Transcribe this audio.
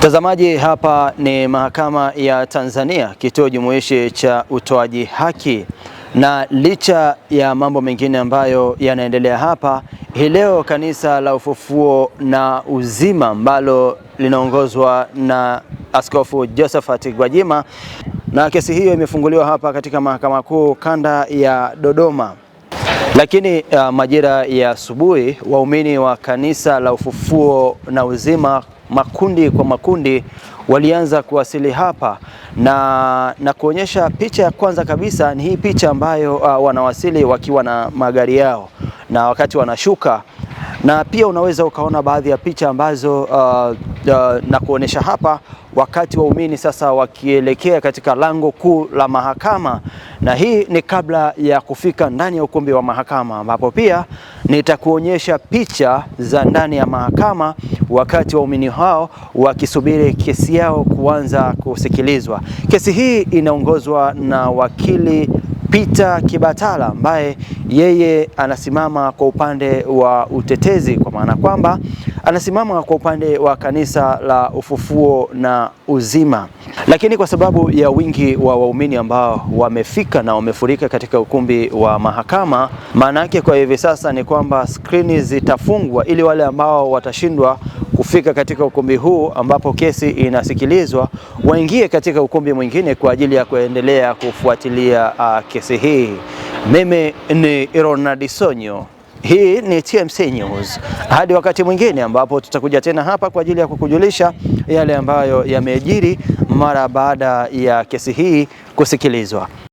Mtazamaji, hapa ni mahakama ya Tanzania, kituo jumuishi cha utoaji haki, na licha ya mambo mengine ambayo yanaendelea hapa, hii leo kanisa la Ufufuo na Uzima ambalo linaongozwa na Askofu Josephat Gwajima, na kesi hiyo imefunguliwa hapa katika Mahakama Kuu Kanda ya Dodoma. Lakini uh, majira ya asubuhi waumini wa kanisa la Ufufuo na Uzima makundi kwa makundi walianza kuwasili hapa na, na kuonyesha picha ya kwanza kabisa ni hii picha ambayo uh, wanawasili wakiwa na magari yao, na wakati wanashuka na pia unaweza ukaona baadhi ya picha ambazo uh, uh, na kuonesha hapa wakati waumini sasa wakielekea katika lango kuu la mahakama, na hii ni kabla ya kufika ndani ya ukumbi wa mahakama, ambapo pia nitakuonyesha picha za ndani ya mahakama wakati waumini hao wakisubiri kesi yao kuanza kusikilizwa. Kesi hii inaongozwa na wakili Peter Kibatala ambaye yeye anasimama kwa upande wa utetezi, kwa maana kwamba anasimama kwa upande wa kanisa la Ufufuo na Uzima. Lakini kwa sababu ya wingi wa waumini ambao wamefika na wamefurika katika ukumbi wa mahakama, maana yake kwa hivi sasa ni kwamba skrini zitafungwa ili wale ambao watashindwa kufika katika ukumbi huu ambapo kesi inasikilizwa waingie katika ukumbi mwingine kwa ajili ya kuendelea kufuatilia uh, kesi hii. Mimi ni Ronald Sonyo. Hii ni TMC News. Hadi wakati mwingine ambapo tutakuja tena hapa kwa ajili ya kukujulisha yale ambayo yamejiri mara baada ya kesi hii kusikilizwa.